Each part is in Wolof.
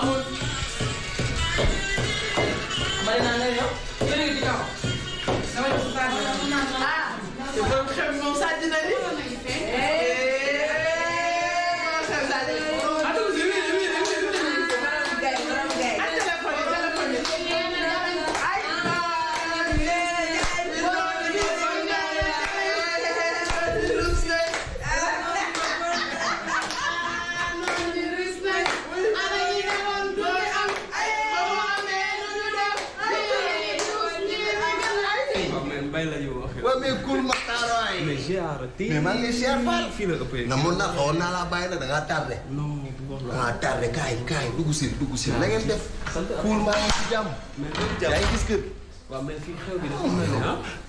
amul. bari naa ne yow yéen a ngi ci kaw. dama jox ko Sadio. ah. te boobu xew moom Sadio dina ni. mais maa ngi na mun naa xawoon naa laa bàyyi nag da ngaa tardé. non bu wax dugg si dugg si. na def. kuul maa ngi si jàmm.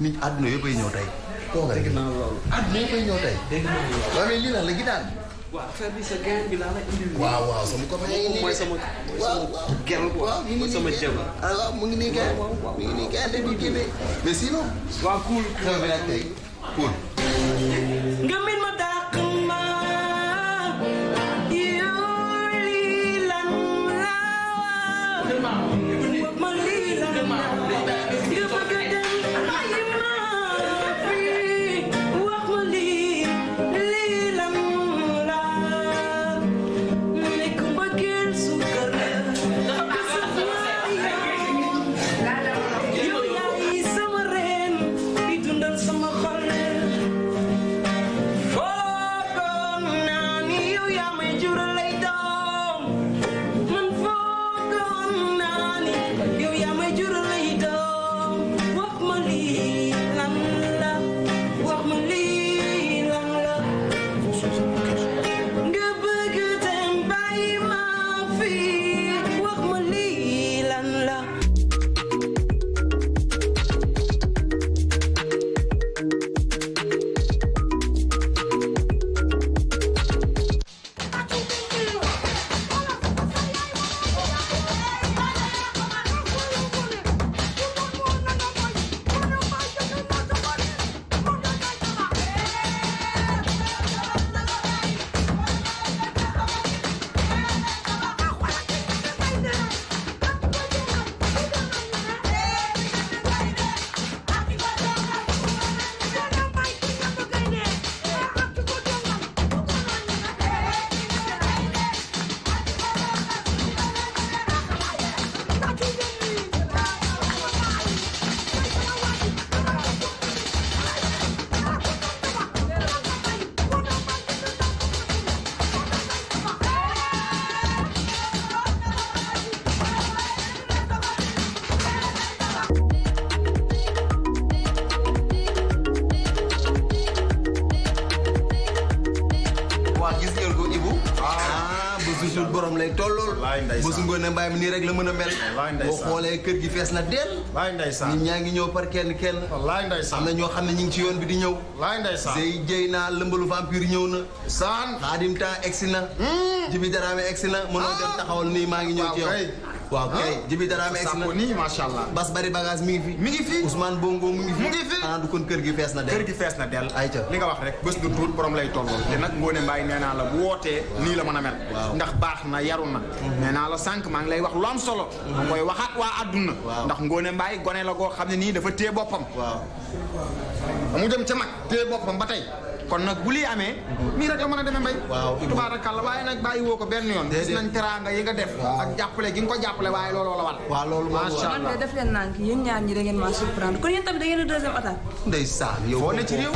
nit àdduna yëppay ñëw tey. tey. waaw waaw sa gain bi laa la indil. waaw waaw sama copain yi nii mooy sama. waaw waaw gel waaw sama jëmm. alors mu ngi nii gain mu ngi nii gain dañuy génne. mais sinon. waaw cool. xew lu borom lay tollool ba su mbaay mi nii rek la mën a mel boo xoolee kër gi fees na dell nit ñaa ngi ñëw par kenn kenn am na ñoo xam ne ñu ngi ci yoon bi di ñëw sey jëy naa lëmbalu vampire ñëw na saan xaadim temps egsi na hmm. jibi jaraame egsi na noo dem ah. taxawal nii maa ngi ñëw ci yow waaw kay dara Dramé ex na ko nii macha allah. Bas Bari Bagage mi ngi fi. mi ngi fi Ousmane Bongo mi ngi fi. mi du kon kër gi fees na dell. kër gi fees na dell. ayca li nga wax rek bés du tuur borom lay tollool. te nag Ngoné Mbaye nee naa la wootee nii la mën a mel. ndax baax na yaru na. Mhm. nee naa la sànq maa ngi lay wax lu am solo. mooy mhm. koy waxaat waa àdduna. ndax Ngoné mbaay gone la goo xam ne nii dafa téye boppam. waaw mu dem ca mag téye boppam ba tey kon nag bu lii amee. nii rek la mën a demee mbay. waaw tubaarakàlla waaye nag bàyyi woo ko benn yoon. gis nañ teraanga yi nga def. ak jàppale gi nga ko jàppale waaye looloo la war. waaw loolu moom macha allah man de def leen nànk yéen ñaar ñi da ngeen maa surprendre kon yéen tamit da ngeen a deuxième attaque. ndeysaan yow boo ne ci réew.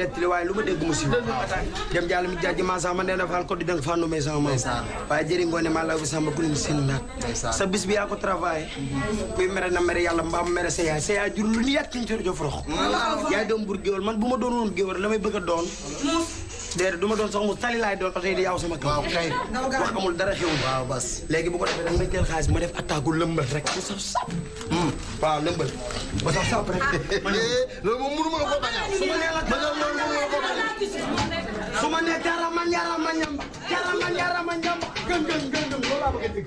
nettali waaye lu ma dégg mu siiw dem ma sama nee na faal ko di dang fànnu may sama maam waaye jëri ngoone maa law bi sama ku lim seen naat sa bis sa yaay sa la may a mu tali laay doon oto yi di yaaw sama kaw. waaw kay wax amul dara xewul. waaw bas da nga jël xaalis ma def attaque gu lëmbal rek. bu saf sap. Hmm. waaw lëmbal ba saf sap rek. loolu moom mënu ma ko bañ a. su ma nee jarama jarama ñamba jarama jarama ñamba gën gën gën gën loolu laa bëgg a dégg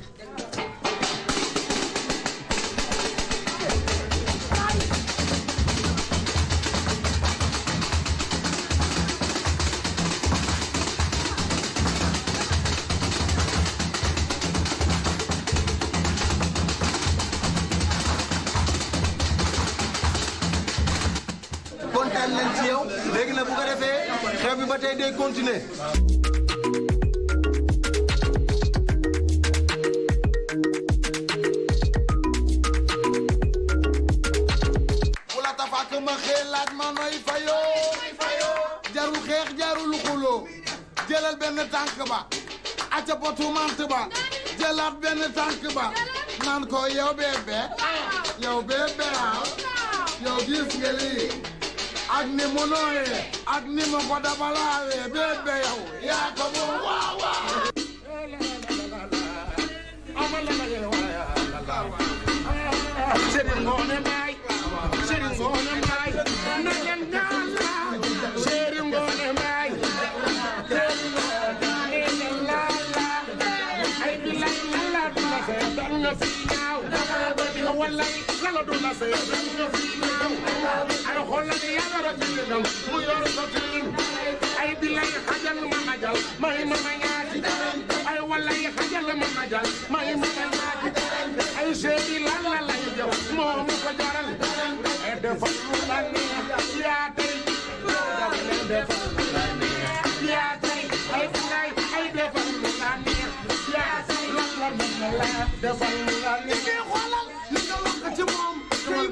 xew bi ba tey day continuer wula tafaak ma xeelaat ma noy fayoo jaru xeex jarul xuloo jëlal benn tànk ba aca potu mant ba jëlaat benn tànk ba naan ko yow bébé yow bébé yow gis nga lii ak ni mu nooyee ak ni mu ko dabalaawee bébé yow yaa ko moom waaw waaw Serigne Ngoné Mbaye Serigne Ngoné Mbaye na ngeen ñaan la Serigne Ngoné Mbaye ay bi lay la la dina fe dan na fi ñaaw wallay la sa yoon dañu def ay xol la yàlla rafetlu dal mu yor sa tilim ay bilay xajal ma najal may ma ma ñaati ay walay xajal ma najal may ma ma ñaati ay seedi lan la lay jëf moo mu ko jaral ay e defal lu la neex yaa tey daf leen defal lu la neex yaa tey ay bilay ay defal lu la neex yaa tey lan la mën na la defal la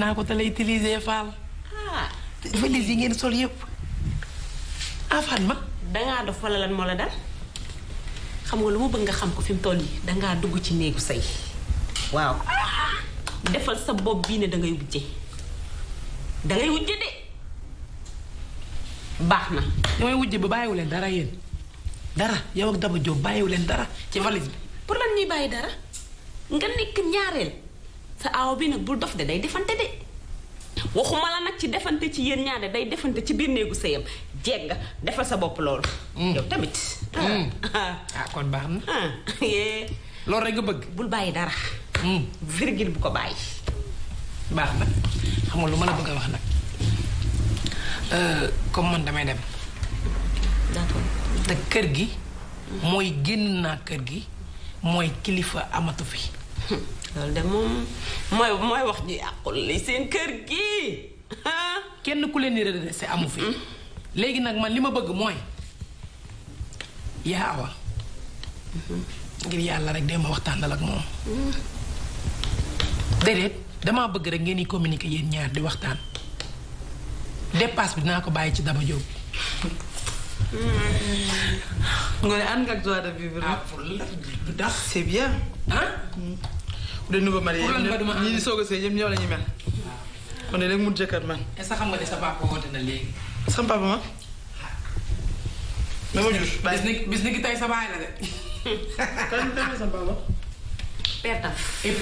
naa ko te lay utiliser Fall. ah. valise yi ngeen sol yëpp ah Fatma. dangaa dof wala lan moo la dal xam nga lu mu bëgg nga xam ko fi mu toll yi dangaa dugg ci néegu say waaw. defal sa bopp bii ne dangay wujje dangay wujje de baax na. damay wujje ba bàyyiwu leen dara yéen dara yow ak Daba Diop bàyyiwu leen dara ci valise bi. pour lan ñuy bàyyi dara nga nekk ñaareel sa aaw bi nag bul dof de day defante. waxuma la nag ci defante ci yéen ñaare day defante ci biir néegu sëyam jégg defal sa bopp loolu. Mm. yow tamit. Mm. ah kon baax na. Ah, loolu rek nga bëgg. bul bàyyi dara. Mm. virgule bu ko bàyyi. baax na xam nga lu ma la bëgg wax nag euh, comme man damay dem. te kër gi. mooy génn naa kër gi mooy kilifa amatu fi. loolu de moom mooy mooy wax ji yàqul li seen kër gi kenn ku leen di redressé amu fi. Hmm. léegi nag man li ma bëgg mooy yaawa awa hmm. ngir yàlla rek dee ma waxtaanal ak moom. Hmm. déedéet damaa bëgg rek ngeen di communiquer yéen ñaar di waxtaan dépasse bi naa ko bàyyi ci daba jóg. nga ne ànd ak joie de vivre. ah pour la c'est bien. ah. de nouveau marié ñi di soog a sëy ñoom ñoo mel. kon ah. mu jëkkër man. est-ce que xam nga ne sa papa woote na léegi. sama ma. ma ma jur bis ni bis ni ki tey sa baay la de. sa papa. pertam et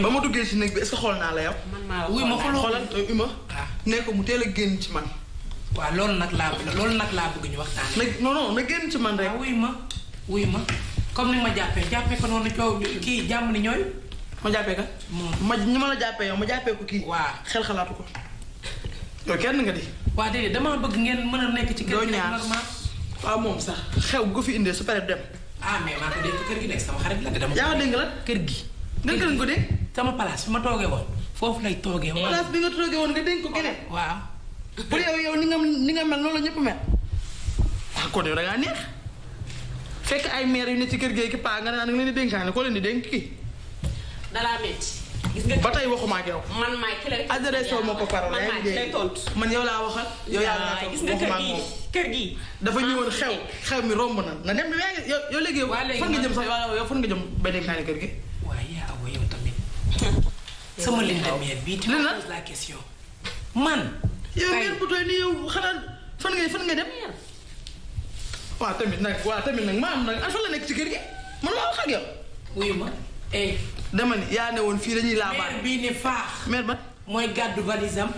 ba ma duggee si néeg bi est xool naa la yow. man maa la xoolal wuy euh, ma ah. ne ko mu teel a génn ci man. waaw loolu nag laa loolu nag laa bëgg ñu wax nag non non na génn ci man rek. waaw ah, wuy ma wuy ma comme ni ma jàppee jàppee ko noonu coow kii jàmm ni ñooy. ma jàppee ka ma ñu ma la jàppee yow ma jàppee ko kii. waa xel xalaatu ko. yow kenn nga di. waa déedéet damaa bëgg ngeen mën a nekk ci kër gi nag waaw moom sax xew gu fi indee su paree dem. ah mais maa ko dégg gi nekk sama xarit la. dama yaa dégg la kër gi. dégg nga ko dégg. sama place bi ma toogee woon foofu lay toogee. place bi nga woon nga dénk ko keneen. waaw. pour yow yow ni nga ni nga mel noonu la ñëpp mel. ah kon yow da ngaa neex. fekk ay maire yu ne ci kër gee ki paa nga naan nga leen di dénkaane koo leen di dénk kii dalaa métti. gis nga ba tey waxuma ak yow. man maay ki lay adressé wu ma ko parole man maay ki lay tontu. man yaa laa tontu nga kër gi kër gii. dafa ah. ñëwoon xew xew mi romb na nga dem yaa ngi yow léegi yow. li nga meer bii ma pose la man. yow meer bu doy yow xanaa fan nga dem. waaw tamit nag waaw nag maa ah, fan la nekk ci kër gi man laa wax ak yow. ma. eh. dama ne yaa ne woon fii lañuy ñuy laabaat bii ne faax. mère ba mooy gàddu valisam.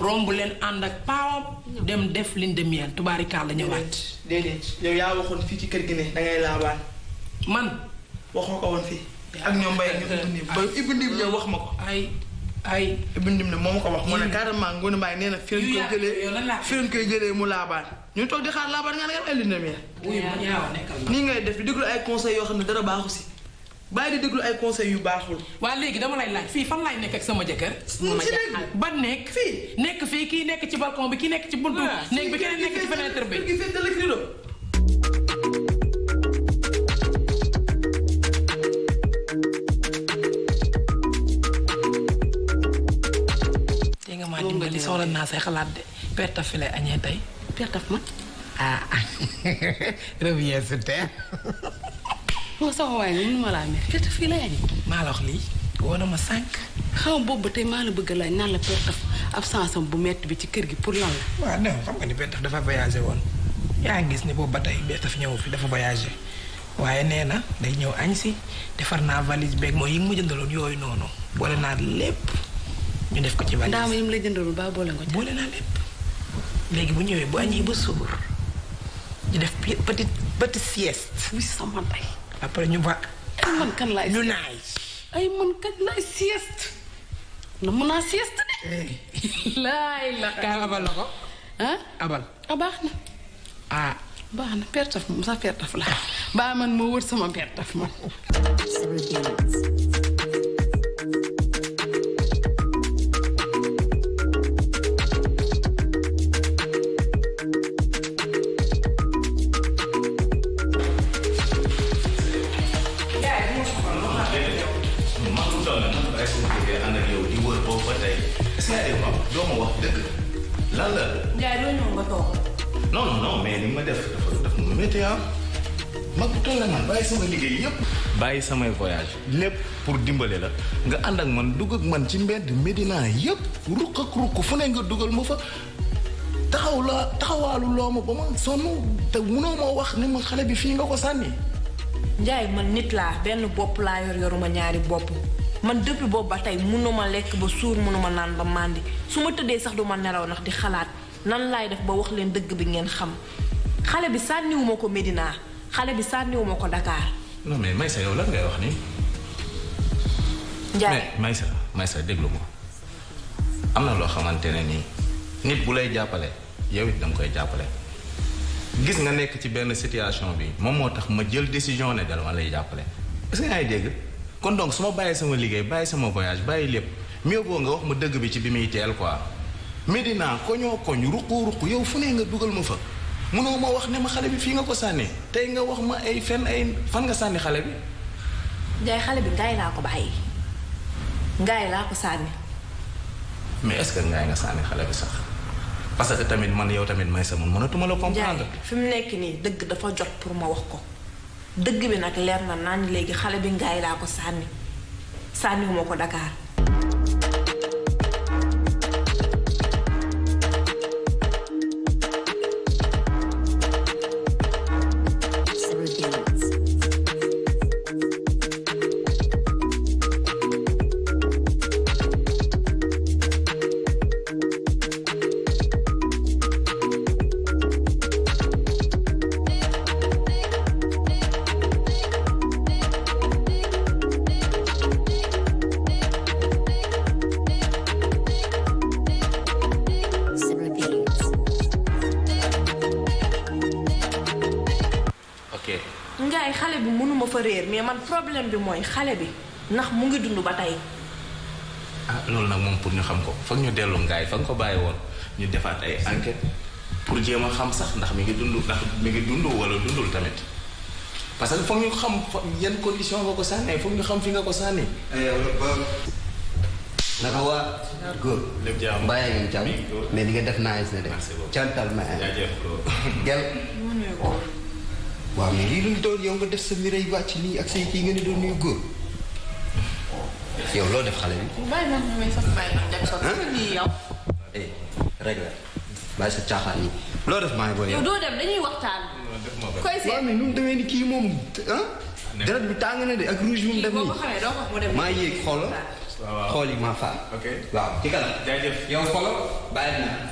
romb leen ànd ak paawam. dem def lune de miel tubaarikaal la ñëwaat. déedéet yow yaa waxoon fii ci kër gi ne da ngay laabaan. man. waxoo ko woon ak ñoom Mbaye ak ñoom Ibou ah. wax ma ko. ay ay. Ibou Ndim ne moom ko wax mu ne carrément Ngoné Mbaye nee na koy jëlee fi lañ koy ñu toog di xaar laabaan nga ne ay lune nii ngay def di déglu ay conseils yoo xam ne dara baaxu si. bàyyi di déglu ay conseil yu baaxul. waa léegi dama lay laaj fii fan laay nekk sama jëkkër. mu ci nekk ban nekk. fii nekk kii nekk ci balcon bi kii nekk ci buntu. Ah, nekk bi keneen nekk ci fenêtre bi tey nga maa dimbali soxla naa say xalaat de pertaf fi lay añee tey pertaf ma ah, ah. reviens sur terre moo sama waay nga mënuma laa mer perte fii la yaa maa la wax lii woo na ma sànq. xaw ma boobu ba tey maa la bëgg laaj naan la perte absence am bu metti bi ci kër gi pour lan la. waaw dafa voyagé woon yaa ngi gis boobu ba tey perte ñëw fi dafa waaye nee na day ñëw añ si defar naa valise beeg mooy yi mu jëndaloon yooyu noonu boole naa lépp ñu def ko ci valise. ndaama yi mu la jëndaloon ba boole nga boole naa lépp léegi bu ñëwee bu añee ba suur ñu def petite petite sieste. wuy sama day après ñu wàkk. kan laay ñu naay. ay man kan laay sieste. na mun naa sieste de. Eh. laay la kaay abal la ko. ah abal. ah baax na. ah. baax na pertaf moom sax pertaf la baa man moo wër sama pertaf man. def dafa dafa ma métti ah mag man bàyyi sama liggéey yëpp. bàyyi samay voyage lépp pour dimbale la nga ànd ak man dugg ak man ci mbedd Medina yëpp ruq ak ruq fu ne nga dugal ma fa taxawla taxawaalu loo ma ba ma sonn te munoo ma wax ne ma xale bi fii nga ko sànni. Njaay man nit laa benn bopp laa yor yoruma ñaari bopp man depuis boobu ba tey munuma lekk ba suur munuma naan ba màndi su ma tëddee sax du ma nelaw ndax di xalaat nan laay def ba wax leen dëgg bi ngeen xam xale bi sànniwuma ko Medina xale bi sànniwuma ko Dakar. non mais Maysa yow lan ngay wax nii. Ndiaye mais Maysa Maysa déglu ma am na loo xamante ne nii nit bu lay jàppale yow it danga koy jàppale. gis nga nekk ci benn situation bi moom moo tax ma jël décision ne dama lay jàppale est-ce que yaa dégg kon donc su ma bàyyi sama liggéey bàyyi sama voyage bàyyi lépp mieux vaut nga wax ma dëgg bi ci bi muy teel ko Medina koñoo koñ ruqu ruqu yow fu ne nga dugal ma fa. mënoo ma wax ne ma xale bi fii nga ko sànni tey nga wax ma ay fen ay fan nga sànni xale bi. Ndiaye xale bi ngaay laa ko bàyyi ngaay laa ko sànni. mais est-ce que nga sànni xale bi sax parce que tamit man yow tamit may sax mun mënatuma la comprendre. fi mu nekk nii dëgg dafa jot pour ma wax ko dëgg bi nag leer na naan léegi xale bi ngaay laa ko sànni sànniwuma ko dakaar yaay xale bi mënuma fa réer mais man problème bi mooy xale bi ndax mu ngi dund ba tey. ah loolu nag moom pour ñu xam ko foog ñu dellu ngaay fa nga ko bàyyi woon ñu defaat ay enquête pour jéem a xam sax ndax mi ngi dund ndax mi ngi dund wala dundul tamit parce que foog ñu xam yan condition nga ko sànnee foog ñu xam fi nga ko sànnee. naka waa góor. lépp jàmm mbaa yaa ngi jàmm mais li nga def naa yées na de. merci beaucoup cantal ma waaw mi lii lu doon yow nga def sa miray wàcc nii ak say kii nga ne doon nuyu góor. yow loo def xale bi. bàyyi ma ñu may yi loo def maa ngi booy yow. yow doo demee kii moom ah. deret bi tàng de ak rouge bi mu def nii. maa yéeg xoolal. waaw xool yi maa faal. ok waaw ci yow xoolal bàyyi na.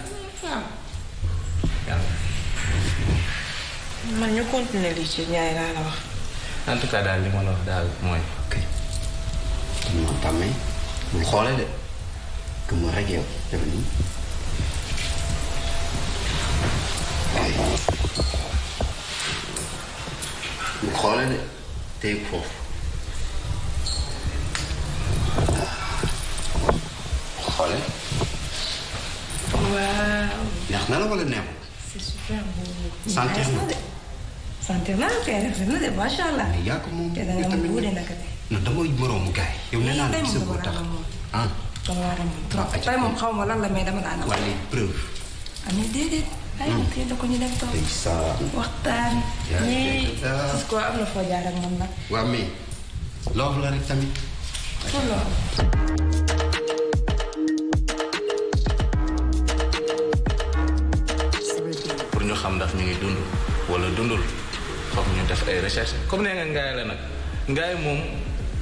man ñu continuer lii ci Ndiaye laa la wax. en tout daal li ma la daal mooy. ok dina ma tàmmee xoole de que ma rek yow xoole de tey foofu. xoole. waaw. na la wala neexul. c'est super beau. santeer na naa kay rafet na de macha allah. yaa ko moom te da nga am góode naka de. non damay moroomu gars yi. yow nee naa la gis nga ko tax ah. tey moom xaw ma lan la mais dama la anam. a preuve. amee déedéet. ay tey da ko ñu dem toog. waxtaan. mais gis ko am na foo jaar ak moom nag. waaw mais la rek tamit. loolu. xam ndax mi ngi dund wala dundul foog ñu def ay recherche comme nee nga ngaay la nag ngaay moom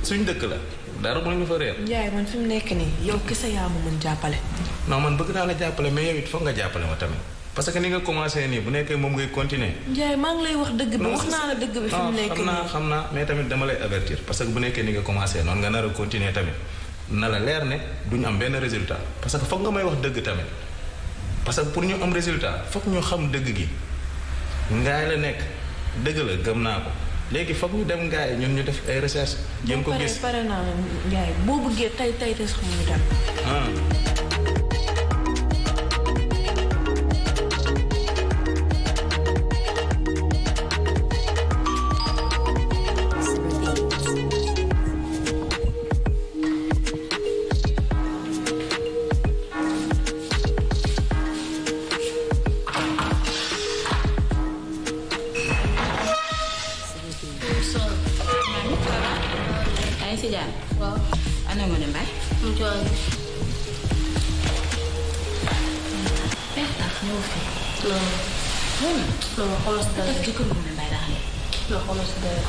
suñ dëkk la dara mënuñu fa réer. Ndiaye man fi mu nekk nii yow kese yaa ma mën jàppale. non man bëgg naa la jàppale mais yow it foog nga jàppale ma tamit parce que ni nga commencé nii bu nekkee moom ngay continuer. Ndiaye maa ngi lay wax dëgg bi wax naa la dëgg bi. fi nekk nii xam naa xam naa mais tamit dama lay avertir parce que bu nekkee ni nga commencé noonu nga nar a continuer tamit na la leer ne duñu am benn résultat parce que foog nga may wax dëgg tamit. parce que pour ñu am résultat foog ñu xam dëgg gi ngaay la nekk dëgg la gëm naa ko léegi foog ñu dem ngaay ñun ñu def ay recherche jéem ko gis pare pare boo bëggee tey tey te sax mu dem ah. ngi si jàmm. waaw ana Ngoné Mbaye. mu jooy. perte ñëw fi. non. non non xoolal si dara. jëkkër Ngoné Mbaye daal. non xoolal si dara.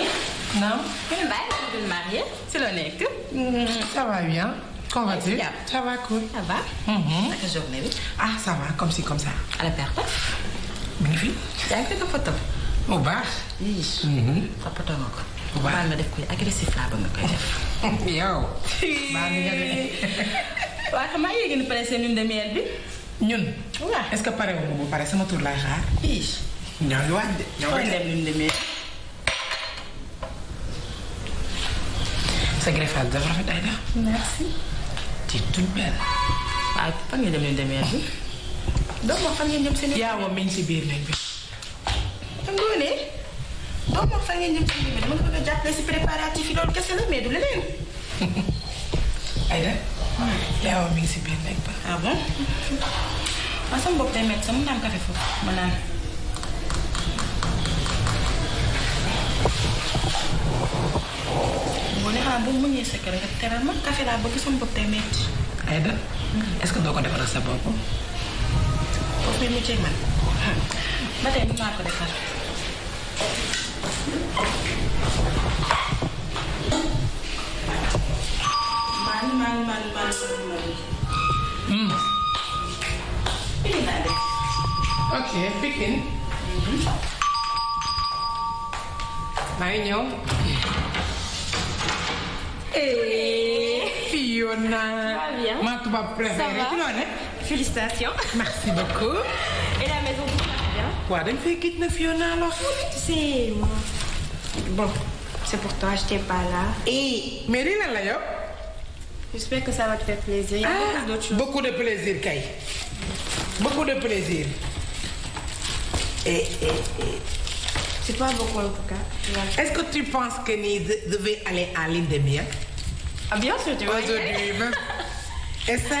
Eh? naam. Ngoné Mbaye. vous êtes marié. si la nekk. Mm-hmm. ça va bien. comment vas-tu ça comme ci comme ça. à la perte. ngi fi. yaa ngi ko bu baax. toppatoo nga ko. bu baax baal ma def koy agressif laa ba nga koy def. yow. baal nga yéegi ni pare seen lune de miel bi. ñun. waaw est pare wu ma ba pare sama tur laay xaar. yii. ñoo ngi de. ñoo ngi sa greffage ay na. merci. tiitul benn waaw fan nga jëm demee bi doom wax fan ngeen jëm seen yaawa miñ ci biir nag bi xam ne doom wax fan ngeen jëm seen mën nga mi ngi si biir nag ba ah bon ma sama bopp day métti sama naan café foofu ma naan xanaa bu mu mënee sa kër nga teral ma café laa bëgg sama bopp day metti. Aïda est-ce que doo ko defaral sa bopp. foofu mu cee man ba tey mën naa ko defar. maa ngi maa ngi maa ngi maa ngi sama mën. Hmm. Pikine laa def. ok Pikine. Mhm. maa ngi ñëw. fii yoon naa. ma tubaab préférée ci loo ne. félicitations. merci beaucoup. et la maison tout va bien. waaw dañ fay gëj na Fiona alors. tu sais moi. bon c'est pour toi j'étais pas là. et eh, mais lii lan la yow. j'espère que ça va te faire plaisir. Il y a ah, beaucoup d'autres choses. beaucoup de plaisir kay. beaucoup de plaisir. et eh, et eh, et. C'est pas beaucoup en que tu penses que Nise devait aller à l'île des biens ah, bien sûr, tu vas Et ça,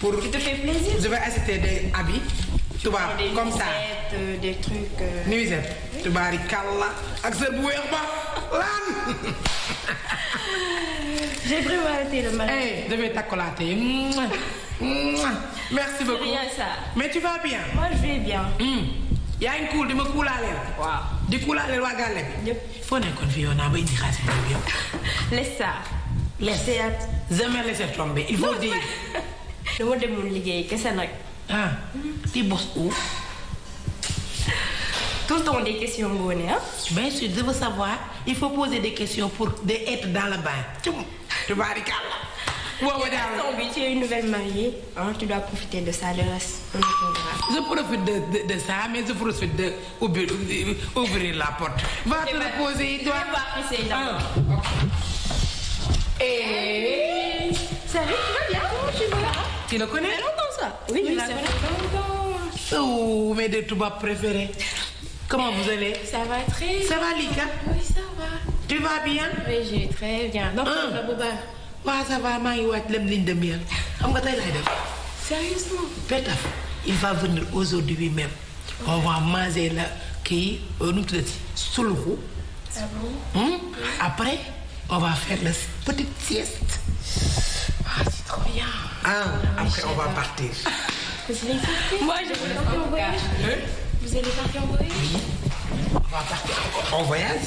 Pour. Tu te fais plaisir. Je vais acheter des habits. Tu vois, comme ça. Des euh, des trucs. Euh... Nuisettes. Tu vas ricala. Ak sa bu weex ba lan. le mariage. Eh, je vais t'accolater. merci beaucoup mais tu vas bien. moi je bien. yaa ngi kuul di ma kuulaaleel. waaw di kuulaaleel waa gàlle bi. ñëpp foo nekkoon naa ba indi xaalis bi yow. laisse ça. laisse jamais laisser tomber il faut dire. dama demoon liggéey kese nag. ah hmm. di bos où. tout le temps des questions ngoone ah. bien sûr je veux savoir il faut poser des questions pour de être dans le bain. tubaarikàlla. waaw daal bi tu es une nouvelle mariée hein, dois profiter de ça le reste je profite de, de, de ça mais je profite de ouvrir, la porte va te eh reposer toi ah. et eh. salut tu vas bien tu, tu le connais longtemps ça oui, oui je la oh, comment vous allez ça va très ça va va bien oui je très bien donc ah. waaw ça va maa ngi waaj lem ligne de miel xam nga tey laay def. sérieusement. il va venir aujourd'hui même. on va manger la kii euh, nu mu tuddati suluxu. Ah hmm? après on va faire la petite sieste. ah, ah, ah après on va partir en voyage.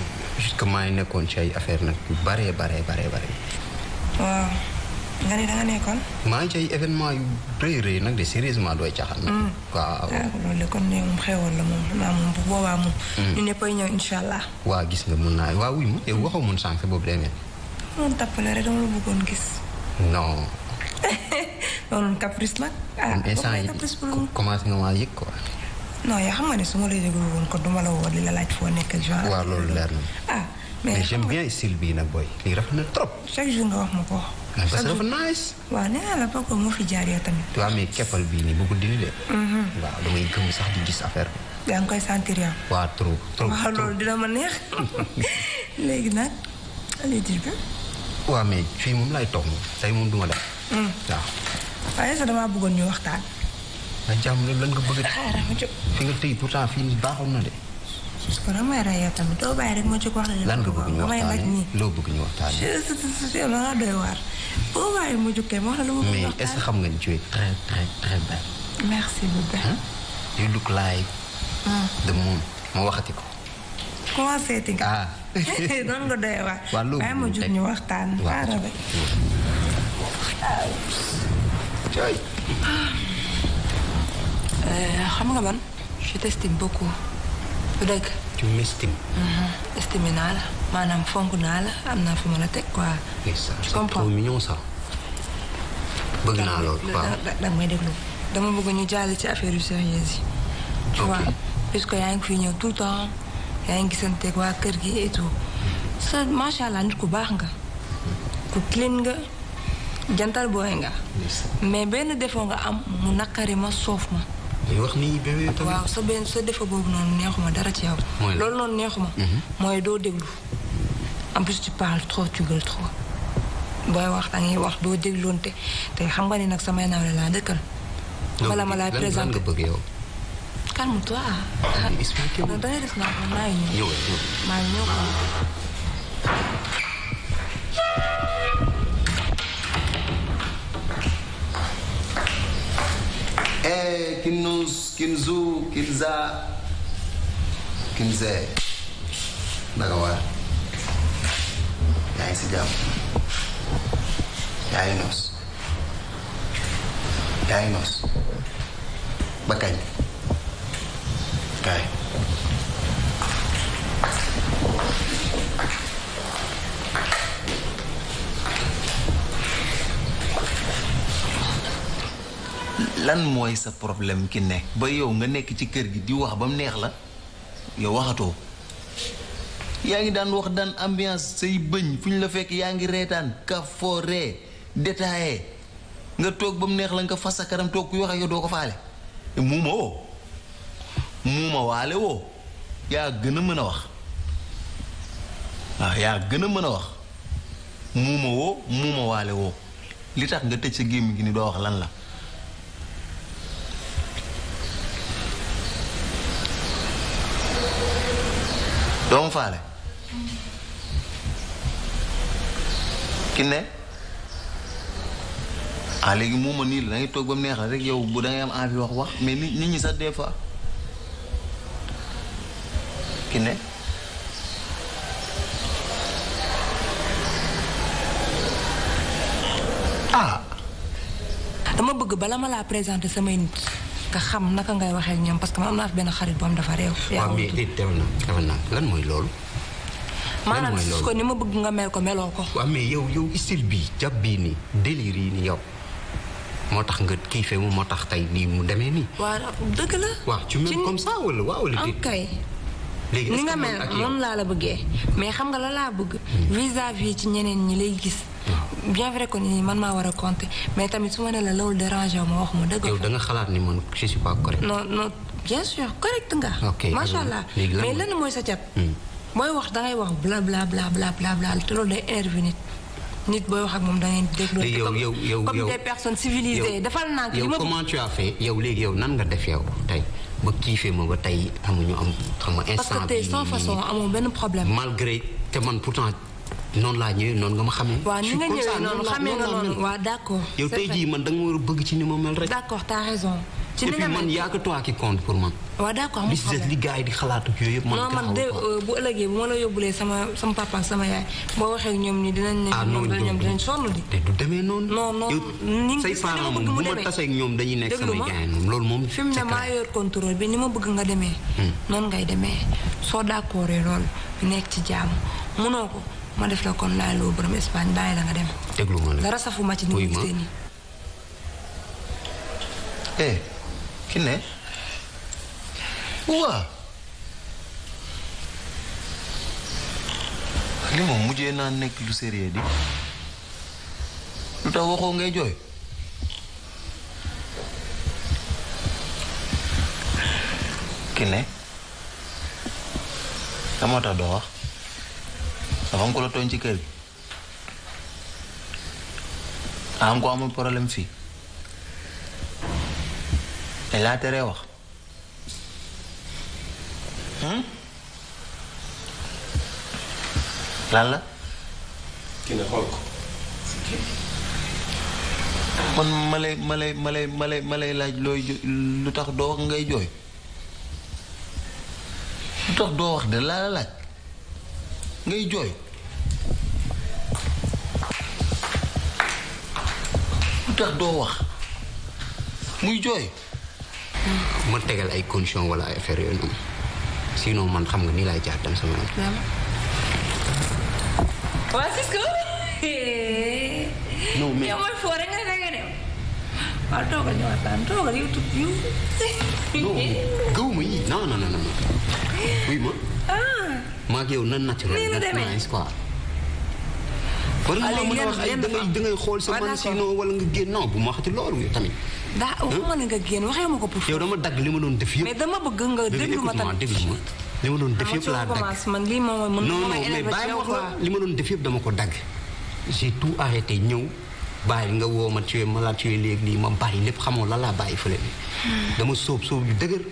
jusque maa ngi nekkoon ci affaire nag yu baree bare baree baree. waaw nga ne da nga nekkoon. maa ngi ci ay événement yu rëy rëy nag de sérieusement dooy caaxaan. Mm. waaw ah, loolu de kon mm. allah. waaw gis nga mun naa waaw sànq boobu demee. la loolu caprice la. Ah, nga maa yëg quoi. non yaa xam ne su ma la yëgul woon kon du la woo li la laaj foo nekk juin. waaw loolu leer na. ah mais j'aime bien nag booy. lii rafet na trop. chaque jour nga wax ma ko. Ah, parce que dafa nice. waaw nee naa la bokkul moo fi jaar yow tamit. waaw mais keppal bii nii bëgg mhm. yaa ngi koy sentir yow. waaw trop trop waaw loolu dina moom laay toog moom tey moom du ma mm. waaw. waaye sax damaa bëggoon ñu waxtaan. waaye jàmm loolu lan nga bëgg a. xaaral ma jóg fi nga tëj pourtant fii nii baaxoon na de. kon am na yow tamit doo bàyyi rek ma jóg wax la. lan nga bëgg ñu waxtaanee loo bëgg ñu waxtaanee. la nga doy waar. boo bàyyi ma jóg kay ma wax la lu ma bëgg waxtaanee mais est-ce que xam nga ni tu es très très très belle. merci beaucoup. you look like the moon ma waxati ko. commencé ti nga. ah. doon nga doy waar. waaw loo bëgg ma jóg ñu waxtaan. waaw waaw. Euh, xam nga man je t'estime beaucoup bu dëgg. tu m'estimes. Mhm. naa la maanaam fonk naa la am naa fu mën a teg quoi. tu comprends mais ça bëgg naa dama bëgg ñu jàll ci affaire yu sérieuses yi. tu vois yaa ngi fi ñëw tout le temps yaa ngi gisanteeg waa kër gi et sa macha allah ku baax nga. ku clean nga jantal booy nga. mais benn défaut nga am mu naqari ma soof ma. wax waaw sa benn sa défaut boobu noonu neexuma dara ci yow. loolu noonu neexuma. Mhm. mooy doo déglu en plus tu parles trop tu gueules trop booy wax da wax doo dégloonte te xam nga ni nag samay nawle laa dëkkal. wala ma laay présenté lan calme-toi. Ah, expliqué wu da ngay def naa ko Kinnus Kinzu Kinza Kinze naka waa yaa ngi si jàmm yaa ngi noos yaa ngi noos ba kañ kaay lan mooy sa problème ki ne ba yow nga nekk ci kër gi di wax ba mu neex la yow waxatoo yaa ngi daan wax daan ambiance say bëñ fu ñu la fekk yaa ngi reetaan kaforee détaillé nga toog ba mu neex la nga fas sa karam toog ku wax ak doo ko faale muuma woo muuma waale woo yaa gën a mën a wax waaw yaa gën a mën a wax muuma woo muuma waale woo li tax nga tëj sa gémmiñ gi ni doo wax lan la doo ma faale ki ne ah léegi mooma nii la da ngay toog ba mu neexal rek yow bu da am envie wax wax mais ni ñi sax des fois ki ne ah. dama bëgg bala ma laa présenter samay nit. nga xam naka ngay waxee ñoom parce que man am naa fi benn xarit bu am dafa réew. yaa ngi waaw mais defal naa lan mooy loolu. maanaam gis ko ni ma bëgg nga mel ko meloo ko. waaw mais yow yow style bii jàpp bii nii délire yi nii yow moo tax nga kii moo tax tey nii mu demee nii. waaw dëgg la. waaw tu mel comme ça wala waaw wala kay. ni nga mel moom laa la bëggee mais xam nga la laa bëgg. Hmm. vis à ci ñeneen ñi lay gis. bien vrai que ni man maa war a compter mais tamit su ma ne la loolu déranger wu ma wax ma yow da nga xalaat ni man je suis pas correct. non non bien sûr correct nga. ok macha allah mais lan mooy sa cat. mooy hmm. wax dangay wax bla bla bla bla bla te loolu day énervé nit. nit booy wax ak moom da ngeen déglu. yow yow yow comme des personnes civilisées. defal naa yow comment tu as fait yow léegi yow nan nga def yow tey ba kiifee ma ba tey amuñu am xam nga instant. parce que façon amoo benn problème. malgré te man pourtant. noonu laa ñëwee noonu nga ma xamee. waaw ni nga ñëwee noonu xamee nga noonu waaw d'accord. yow tey jii man da nga war a bëgg ci ni ma mel rek. d'accord t'as raison. ci ni nga man y a que toi compte pour man. waaw d'accord amul problème li gars yi yëpp. man non euh, ëllëgee bu ma la yóbbulee sama sama papa sama yaay boo waxee ñoom nii dinañ. ah non ñoom dinañ sonn di. te du demee noonu. non non ni nga gis nga bëgg ñoom dañuy nekk loolu moom. fi mu ne maa bi ni ma bëgg nga demee. Hmm. noonu ngay demee soo d'accordé loolu nekk ci jàmm mënoo ko ma def la kon laay loo borom Espagne bàyyi la nga dem. déglu ma dara safu ci ni mu gisee nii. ki ne waa li moom mujjee naa nekk lu sérieux di lu tax waxoo ngay jooy. ki ne dama tax doo dafa ko la tooñ ci kër gi am ko amul problème fii dañ laa teree wax hmm? lan la ki man ma lay ma lay ma lay ma lay laaj looy lu tax doo wax ngay jooy lu tax doo wax de laa la laaj ngay jooy lu tax doo wax muy jooy ma tegal ay condition wala ay affaire yooyu noonu sinon man xam nga nii laay jaar dem sama yoon waa Cisco non mais yow foo rek nga nga ne waaw toogal ñu waxtaan toogal yow tub yow non gëwuma yi non non non non oui ma ah. maa ngi yow nan naturel. nii la demee quoi. war nga a wax ay dangay xool sa man wala nga génn bu ma waxati loolu tamit. daa waxuma ne nga génn waxee ma ko pour. dama dagg li ma doon def yëpp. mais dama bëgg nga déglu ma tamit ma li ma doon def yëpp laa dagg. man lii ma mën non non li ma doon def yëpp ko dagg. j'ai tout arrêté ñëw bàyyi nga woo ma tuye ma laa tuye léegi lii ma bàyyi lépp xamoo la laa bàyyi fële bi hmm. dama sóob sóob yu dëgër.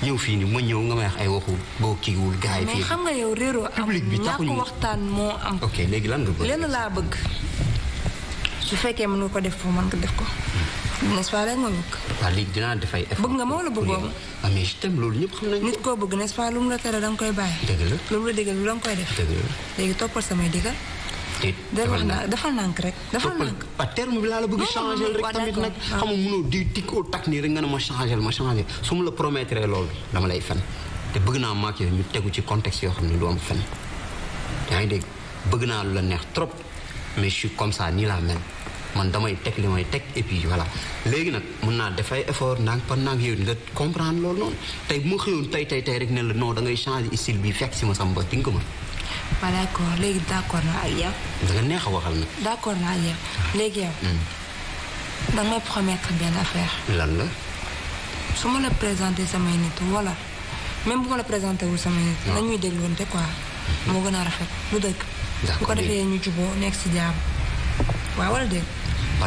ñëw fii nii ma ñëw nga may wax ay waxu boo kiiwul gars yi fii. mais xam nga yow réeroo am public bi taxuñu ñàkk waxtaan moo am. léegi lan nga bëgg. lenn laa bëgg su fekkee mën nga ko def foofu mën nga def ko. Hmm. n'est-ce pas rek ma bëgg. waaw léegi dinaa def ma wala bëggoo ma. ah mais je t'aime loolu ñëpp xam nañu. nit koo bëgg n'est-ce pas lu mu la tere da nga koy bàyyi. dëgg la lu mu la digal lu da nga koy def. léegi toppal samay digal. defal naa defal nànk rek defal nànk ba terme bi laa la bëgg changer rek tamit nag xam nga mënoo di tikk nii rek nga ne ma changer ma changer su ma la promettre loolu dama lay fen te bëgg naa maak ñu tegu ci contexte yoo xam ne lu am yaa ngi dégg bëgg naa lu la neex trop mais je suis comme ça laa mel man damay teg li may teg et puis léegi nag mun naa dafay effort ndànk par ndànk yow nga comprendre loolu noonu tey bu ma xëyoon tey tey tey rek ne la non da ngay changer style bi fekk si ma sama bopp di nga ko mën waaw d'accord léegi d'accord naa ak yow. da nga neex a waxal nag. d'accord naa ak ah. léegi yow. Hmm. da nga benn affaire. lan la. su ma la présenter samay nit wala même bu ma la wul samay nit. waaw ah. nañuy dégluwante hmm. moo gën a rafet lu dëkk. bu ko nekk si jaam waaw wala dégg.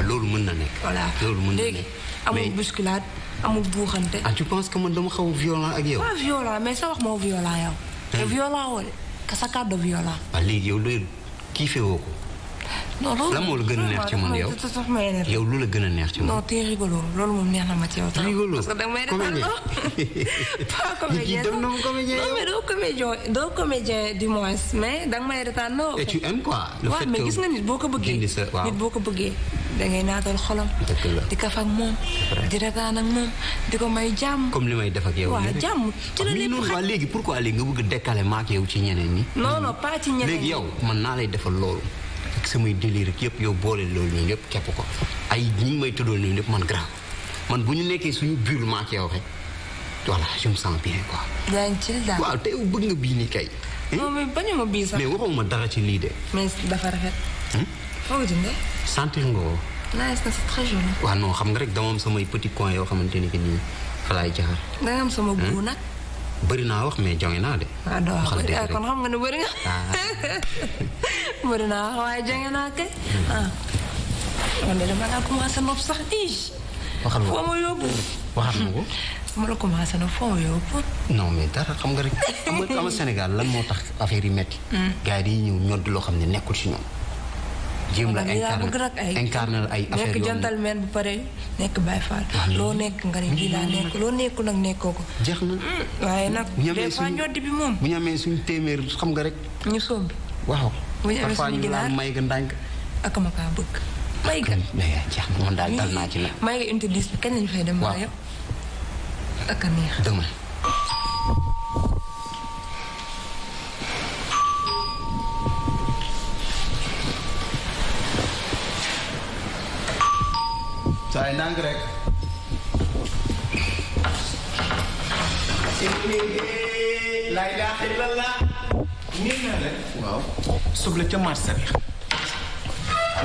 loolu mën na nekk. voilà loolu mën na nekk léegi amul bousculade amul buuxante. ah tu penses que man dama xaw a violent ak yow. pas violent mais sa wax moo violent yow. te violent wala. te sa cas de viol la. waaw léegi yow loolu e-, ko. non loolu la gën a neex ci man yow yow lu la gën a neex ci man. non tey rigolo loolu moom neex na ma ci yow. rigolo parce que da nga may retaan pas comédien non mais doo comédien mais da nga may retaan loo. et tu gis nga boo ko bëggee nit boo ko bëggee. da ngay naatal xolam. di kaf ak moom. di retaan di ko may jàmm. comme li may def ak yow. waaw jàmm ci la ah, léegi pourquoi léegi nga bëgg décaler ci ñeneen ñi. non non pas ci ñeneen ñi man naa lay defal loolu ak samay délire ak yow boole loolu ñun yëpp képp ko ay ñi may tuddoo ñun yëpp man grand man bu ñu nekkee suñu bulle ma ak yow rek voilà je me sens bien quoi. ci daal waaw tey bëgg nga bii nii kay. Eh? non mais bañu ma bii sax. mais waxoon ma dara ci lii de. mais dafa rafet. Hmm? foo jëndee. sentir nga woo. naa est très joli. xam nga rek dama am samay petit coin yoo xamante ne que nii fa laay jaar. sama hmm? bu nag. bëri naa wax mais jonge naa de. ah, ah kon xam nga ne bëri nga. Ah. bëri naa wax waaye jonge naa kay. Hmm. ah man dama nga ko foo foo ma yóbbu. non mais dara xam nga rek. xam nga Sénégal lan moo tax affaire yi métti. Hmm. gars yi ñëw ñodd loo xam ne nekkul ci ñoom. jéem la incarné incarné ay affaire nekk gentleman bu pare nekk Baye Fall. Ah, loo nekk nga ne lii laa nekk loo nekkul nag nekkoo ko. jeex na mm, waaye nag. des fois ñoddi bi moom. bu ñu amee suñu téeméer xam nga rek. ñu bi waaw. bu ñu amee suñu ginaar parfois may ga ndànk. aka ma kaa bëgg. may ga jeex na man daal dal naa ci nag. may ga unité dix bi kañ lañu fay dem. waaw ak a neex. waaye ndànk rek laa ilaaha illallah nii naa rek soble ca marché bi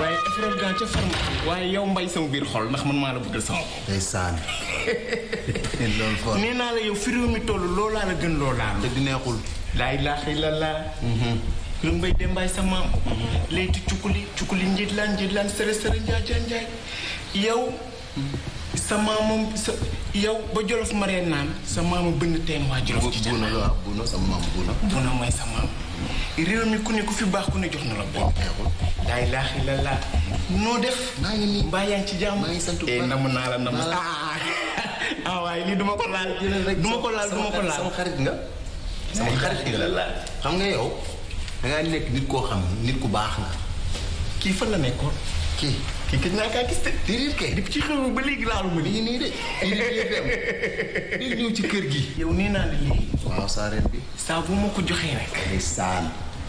waaye affaire gaa ca pharmacie waaye yow mbay sama biir xol ndax man maa la bëggal sama bopp. naa la yow fi réew mi toll loolaa la gën loolaa la. neexul. laa ilaaha illallah. lu mm-hmm. mbay dembaay sa maam. Mm-hmm. léegi cukkuli cukkuli njiit laan njiit laan sere sere njaay njaay yow. sa maamam sa yow ba ma maree naan sa maama bënn teen waa jolof ci buuna la buuna sa maam buuna buuna mooy sa maam réew mi ku ne ku fi baax ku ne jox na la bopp laay la noo def maa yaa ngi ci jàmm maa ngi sant eh, naa la namu ah waaye lii duma ko laal duma ko laal ko laal sama xarit nga sama xarit nga la laal xam nga yow dangaa nekk nit koo xam nit ku baax nga kii fan la nekkoon kii kii gis naa kaa gis te riir kay di ci xew ba léegi laaluma lii nii de lii ñëw ci kër gi yow nee naa la lii waaw saa ren bi saa bu ma ko joxee rek ndeysaan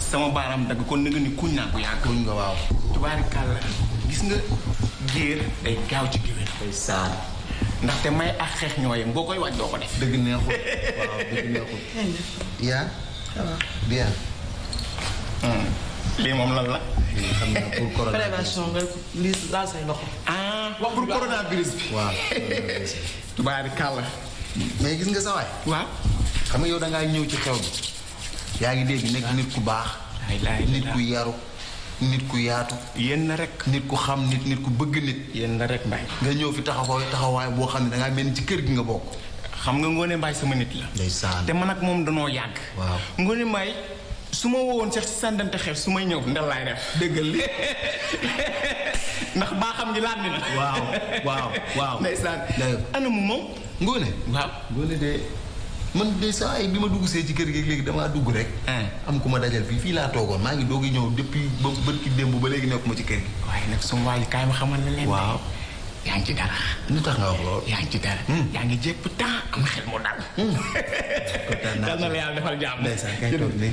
sama baaraam dagg ko na nga ni kuñ naa ko yàgg kuñ nga waaw tubaarikàlla gis nga géer day gaaw ci géwél ndeysaan ndaxte may ak xeex ñooyam boo koy waaj doo ko def dëgg neexul waaw dëgg yaa lii moom lan la. xam naa pour corona prévention nga li laal say loxo. ah wax pour waaw tubaari kàlla. mais gis nga sa waay. xam nga yow da ñëw ci xew bi. yaa ngi dégg nekk nit ku baax. nit ku yaru. nit ku yaatu. yéen na rek. nit ku xam nit nit ku bëgg nit. yéen na rek mbay. nga ñëw fi taxawaay taxawaay boo xam ne da ngaa mel ni ci kër gi nga bokk. xam nga Ngoné Mbaye sama nit la. ndeysaan te man ak moom danoo yàgg. waaw Ngoné Mbaye su ma wowoon sax ci sàndante xeef su may ñëw ndel laay rek dëggal li ndax baa xam ngi laaj na. waaw waaw waaw. ndeysaan ana mu moom. Ngóone. waaw Ngóone de man de sa ay bi ma dugg see ci kër gi léegi damaa dugg rek. am ku ma dajal fii fii laa toogoon maa ngi doog a ñëw depuis ba bët ki démb ba léegi nekkuma ci kër gi. waaye nag sama waa ma xamal na leen. waaw. yaa ngi ci dara. tax nga wax lool yaa ngi ci dara. Hmm. yaa temps am hmm. la yàlla defal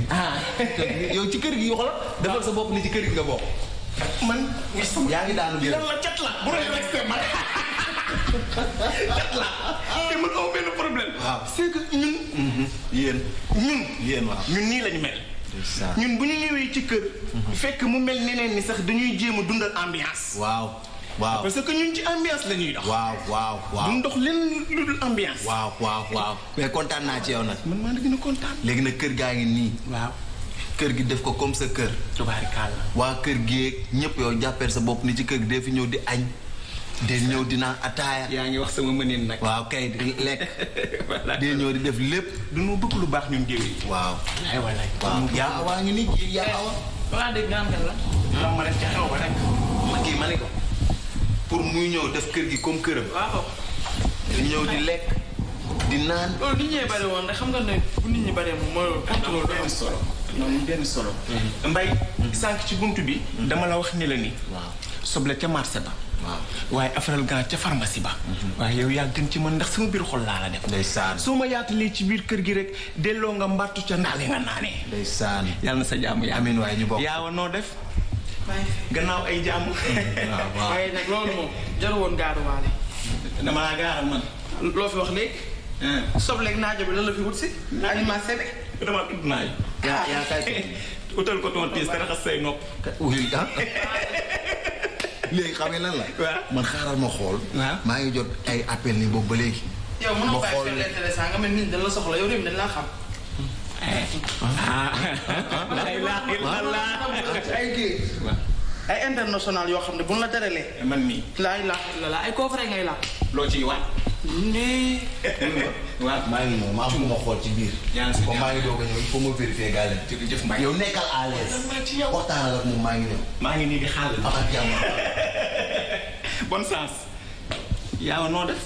ah. ci kër gi yoo xoolal defal sa bopp ni ci kër gi nga bokk. man. yaa ngi daanu biir la cat la bu rëy rek c'est man cat la ah. te man aw benn problème. waaw c'est que ñun. Mhm. yéen ñun. ñun nii lañu mel. ñun bu ñu ñëwee ci kër. Mhm. fekk mu mel neneen ni sax dañuy jéem a dundal ambiance. waaw. waaw parce que ñun ci ambiance la ñuy dox. waaw waaw waaw duñ dox leen lu dul kontaan naa ci yow nag. man maa la gën a léegi na kër gaa ngi nii. kër gi def ko comme sa kër. waa kër gi ñëpp yow jàppee sa bopp ni ci kër gi dee fi ñëw di añ. dee ñëw dinaa ataaya. yaa ngi wax sama mëneen nag. waaw kay di lekk. dee ñëw di def lépp. duñu bëgg lu baax ñun géwél yi. waaw. ay walaay. waaw yaa waa ñu ni yaa awa. waaw eh, dégg naa la. Hmm? ma rek ca xew ba rek. ma kii ma ne ko. pour muy ñëw def kër gi comme këram. waaw. di ñëw di lekk di naan. loolu nit ñee bari woon xam nga ne bu nit ñu baree moom mooy contrôle benn solo. ñoom benn mm-hmm. Mm-hmm. ci buntu bi. Mm-hmm. dama la wax ni ni. soble ca marché ba. waaw waaye afral gan ca pharmacie ba. waaye yow yaa gën ci mën ndax sama biir xol laa la def. soo ma yaatalee ci biir kër gi rek delloo nga mbattu ca ndaale nga naanee. ndeysaan na sa jàmm yaa amiin waaye ñu bokk yaa wa def. gannaaw ay jàmm. waaw waaye nag loolu moom jaru woon gaaruwaale. dama laa gaaral man. fi wax léegi. sobleeg naajo bi lan la fi wut si. aliment sene. dama tudd naaj. yaa yaa ko tontis te raxas say nopp. Ah. léegi xam nga lan la. man xaaral ma xool. maa ngi jot ay appel ni boobu ba léegi. yow mën xool bàyyi intéressant nga mel ni dañ la soxla yow dañ laa xam. Ah. ay international yoo xam ne bu ñu la daralee. man mii. laay laax la ay koof ngay laax. loo ci waat. nee. waaw maa ngi ñëw maa ngi ma xool ci biir. maa ngi a ñëw il faut ma vérifier yow nekkal à moom maa ngi ñëw. maa ngi nii di xaaral. am ak jàmm. bon sens. yaa noo def.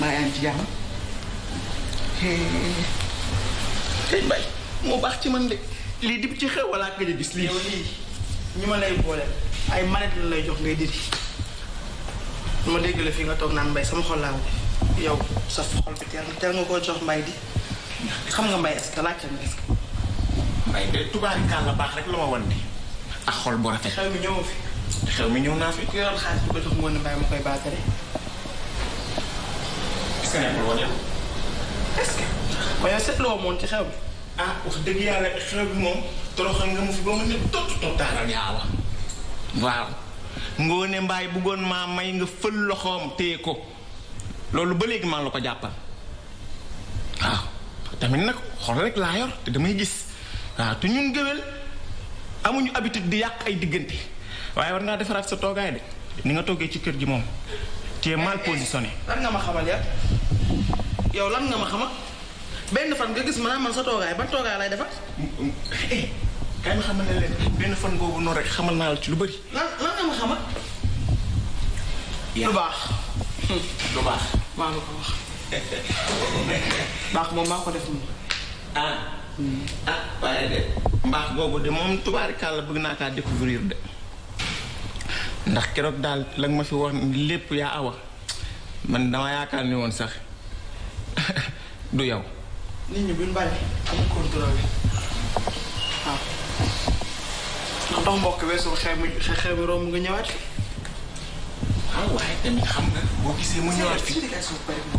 maa ngi ci jàmm. Fatou Mbaye moo baax ci man de lii di ci xew wala gëj a gis lii. lii ñu ma lay boole ay manette la lay jox ngay diri ma dégg la fi nga toog naan mbay sama xol laa yow sa xol bi teel teel nga koo jox Mbaye di xam nga Mbaye est-ce que nga est-ce que. Mbaye de la baax rek la ma wan ak xol bu rafet. xew mi ñëw fi. xew mi ñëw naa fi. ku yoroon xaalis bi ba jox nga woon ne koy baatare. est-ce que est-ce que waaye seetloo moon ci xew bi. ah wax dëgg yàlla xew bi moom toroxal nga mu fi ba mu ne tot totaaral yaa wax waaw ngoone mbaay bëggoon maa may nga fël loxoom téye ko loolu ba léegi maa la ko jàppal waaw tamit nag xol rek laa yor te damay gis waaw te ñun géwél amuñu habitude di yàq ay diggante waaye war ngaa defaraat sa toogaay de ni nga toggee ci kër gi moom tu es mal positionné. war nga ma xamal ya yow lan nga ma xam benn fan nga gis ma man sa toogaay ba toogaay lay defar. eh kaay xamal ne leen benn fan boobu noonu rek xamal naa la ci lu bëri. lan lan baax. lu baax. maa ko wax. Ah. Ah, mbaax boobu de moom tubaarikàlla bëgg naa kaa découvrir de. ndax keroog daal la nga ma fi wax lépp yaa awa man dama yaakaar ni woon sax. du yow. nit ñi buñ bari amul contrôle waaw ndax dox mbokk weesul xeeb nga ñëwaat fi. waaw ah, waaye tamit xam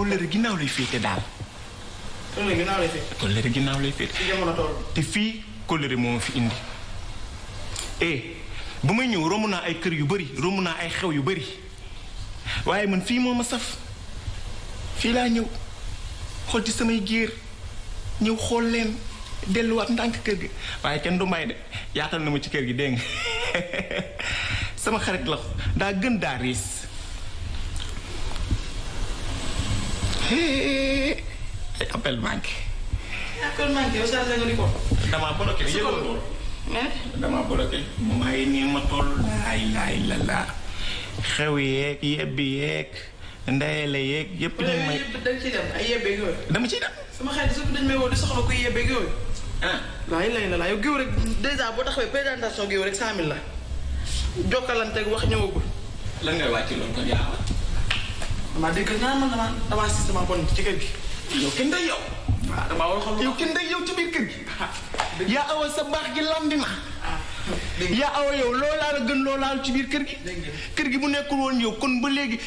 nga ginnaaw lay féete daal. kóllëre ginnaaw lay féete. te fii kóllëre moo fi indi. eh bu may ñëw romb naa ay kër yu bari romb naa ay xew yu bari waaye man fii moo ma saf fii laa ñëw. xol ci samay géer ñëw xool leen delluwaat ndànk kër gi waaye kenn du may de yaatal na ma ci kër gi dégg sama xarit la daa gën daa riis ay appel manqué. appel manqué yow chargé nga ni ko. damaa bloqué yëgoon ko. Eh? damaa bloqué. maa toll. laay laay la xew yeeg yebbi yeeg. ndeyale yeeg yëpp dañ may dañ ciy ay yebbeeg yooyu. dama ci dem. sama xarit surtout dañ may woo di soxla kuy yebbeeg yooyu. ah waaye lay la laa yow géew rek dèjà boo taxawee présentation géew rek 100000 la. jokkalanteeg wax ñëwagul. lan ngay wàcc loolu kon yaa ma dégg sama bon ci kër gi. yow kenn yow. Ah, a xam kenn day yow ci biir gi. Ah, yaa awa sa baax gi lambi ma. Ah, yaa awa yow loolaa la gën loolaal ci biir kër gi. kër gi bu nekkul woon yow kon ba léegi.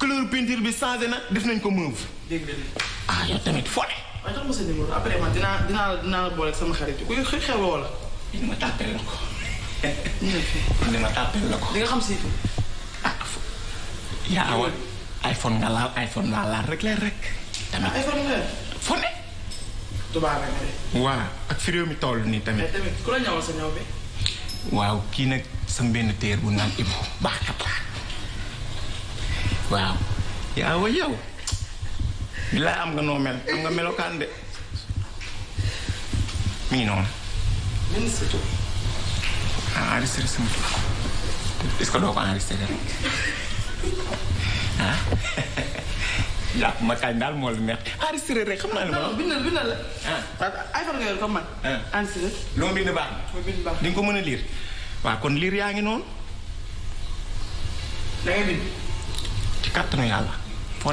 couleur peinture bi changé na def nañ ko mauve. dégg ah tamit fone. waaye dinaa dinaa dinaa la boole sama xarit ku xew wala. li xam si. ah yaa awa iPhone nga laal iPhone laa laal rek leer rek. tamit fone. waaw kii nag sa benn téer bu naan Ibou baaxkat la. waaw yaa wa yow billaay am nga noo mel am nga melokaan de mi ngi noonu ah enregistré doo ko enregistré rek ah. daal moo la neex enregistré rek xam naa ma bindal bindal la ah lu ma ah. bind baax na nga ko mën a liir waaw kon liir yaa ngi noonu ci kàttanu yàlla foo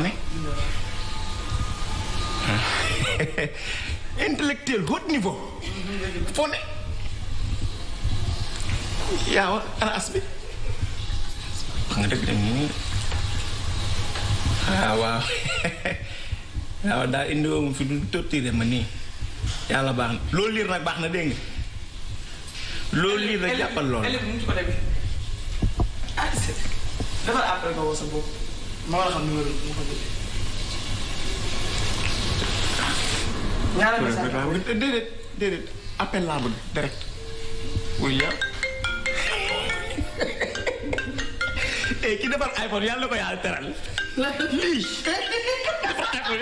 intellectuel haut niveau foo yaawa ana bi nga dëgg dem ah, waaw waaw daal indi ma fi du torturé ma nii yàlla baax na loolu liir nag baax jàppal loolu. ma war a xam numéro bi mu ko jëlee. ñaareel message la déedéet direct. wuy ya. eh ki defar iPhone yàlla na ko lii. defar iPhone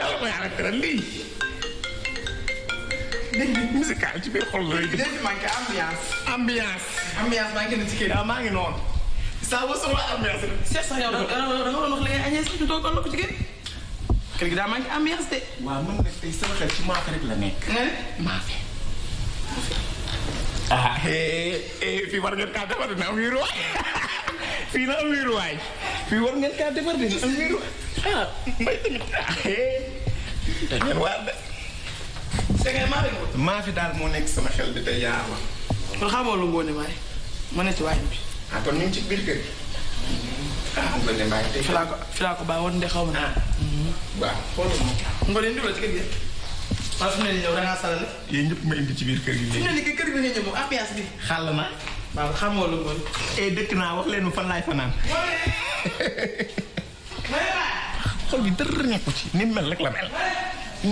ci biir xol la. léegi manqué ambiance. ambiance. ambiance maa ngi ah, maa ngi noonu. saa boo soxla ambiance la. Cheikh sax yow da nga doon wax léegi Agnès ñu toog toll ko jigéen. kër gi daa manqué ambiance de. waaw man nag tey sama xel ci maafe rek la nekk. maafe. ah eh, eh, eh, fii war ngeen kaa defar dina am wiiruwaay fii na am wiiruwaay fii war ngeen kaa defar dina am wiiruwaay ah mbay tamit ah, da ngeen waar de. maafe daal moo nekk sama xel bi de yaa la. kon xamoo lu ngoone waaye ma ne ci waañ bi. ah kon ngi ci biir kër gi. ah ko fi laa de xaw ma. ah waaw xoolal ma. Ngone ñu ci kër gi waaw fi mu ne nii yow da ngaa salal. yéen ñëpp ma indi ci biir kër gi. fi mu ne nii kër gi nga ñëw moom ambiance bi. xàll na. waaw xamoo lu mooy. eh dëkk naa wax leen fan laay fanaan. xol bi dara nekku ci. ni mel rek la mel.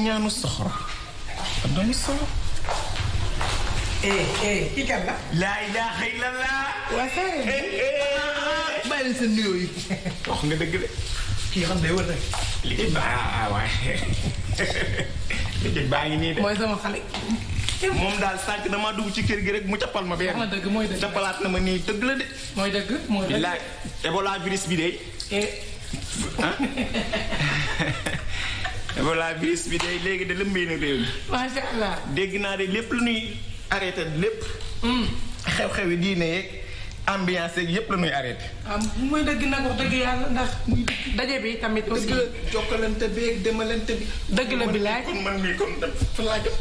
ñaanu soxor. Eh, eh, kii kan la. laa ilaaha illallah. waa Seye. Eh, bàyyi leen seen nuyoo yi. wax nga dëgg de. kii xam day wër rek. liggéey ba ah, baa ngi nii de. mooy sama xale. moom daal sànq damaa dugg ci kër gi rek mu cappal ma benn. dëgg mooy dëgg cappalaat na ma nii dëgg la mooy dëgg mooy dëgg. la Ebola virus bi de. bi de léegi de lëmbee allah dégg naa de lépp lu nuy. arrêté lépp. Mm. xew-xew yi diine yeeg ambiance yeeg yëpp la ñuy arrêté. ah bu muy dëgg nag wax dëgg yàlla ndax. daje bi tamit aussi dëgg la jokkalante bi ak demalante bi. dëgg la bi laaj kon man mii kon fa laa jëm.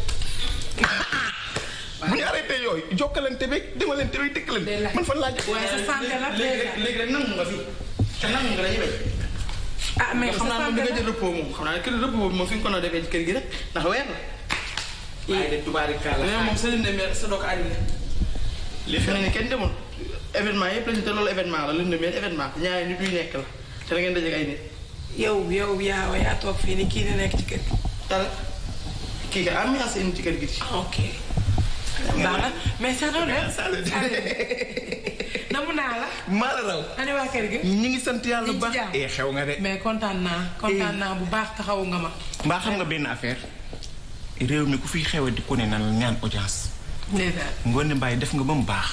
bu ñu arrêté yooyu jokkalante bi demalante bi tëkkalante man fan laa jëm. waaye sa santé la léegi léegi rek nangu nga fi te nangu nga la ñuy ah mais xam naa moom di nga jël repos moom xam naa ne kër repos moom fi ñu ko noo defee ci kër gi rek ndax weer la. li de tubaarikàlla. mais moom Serigne Ndembe sa doo ko annulé. li fi ne kenn demul événement yëpp loolu la Lune de Miel événement ñaari nit ñuy la te da ngeen dajeeg yow yow yaa yaa toog fii ni kii di nekk ci kër gi. kii nga am yaa indi ci kër gi. Ah, ok. na mais sa doon namu naa la. maa la raw. ana gi. ñu ngi sant yàlla bu baax. Eh, xew nga de. mais kontaan naa kontaan eh. naa bu baax taxawu nga ma. baax xam nga benn affaire. réew mi ku fiy xewe di ku ne nan la ñaan audience. Ngoné Mbaye def nga ba mu baax.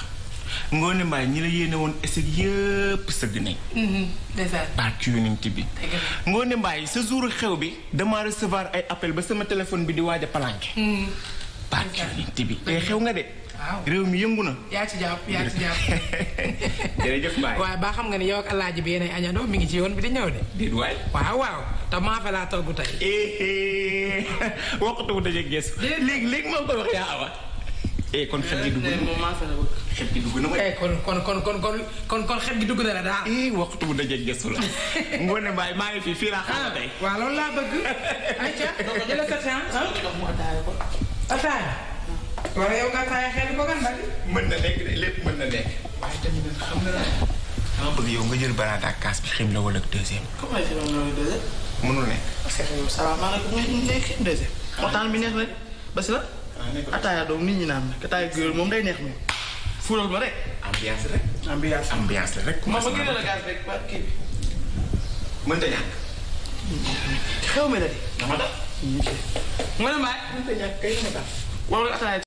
Ngoné Mbaye ñi la yéene woon essai yëpp sëgg nañ. Mm-hmm. barke yonent bi. Ngoné Mbaye sa jour xew bi damaa recevoir ay appel ba sama téléphone bi di waaja a palanke. Mm-hmm. barke bi tey eh, xew nga de. réew mi yëngu na. yaa ci jàpp yaa ci jàpp. jërëjëf Mbaye. waaye ba xam nga ne yow ak alaaji bi yéenay añandoo mi ngi ci yoon bi di ñëw de. déet waay. waaw waaw te maa fa laa togg tey. Eh, eh. waxtu bu dajeeg gis. léegi léegi maa ngi koy wax yaa awa. eh kon xet gi dugg na eh, xet gi dugg na mooy. kon kon kon kon kon kon xet gi dugg na la daal. eh waxtu bu dajeeg gëstu la. Ngoné Mbaye maa ngi fi fii laa xam ah, tey. waaw loolu laa bëgg. ayca jëlee sa temps. ataaya. waaw yow nga taay xel ko gan na nekk de lépp mën na nekk. waaye tamit nag xam nga dama bëgg yow nga jël baraada ak kaas bi xim la wala deuxième. comment xim la wala nekk. parce que yow salaamaaleykum mu nekk ah. ah, naan nag ataaya góor moom day neex fuural ma rek. ambiance la rek ba kii bi. mënta ñàkk. xew mi la de. kay ma def. wala ataaya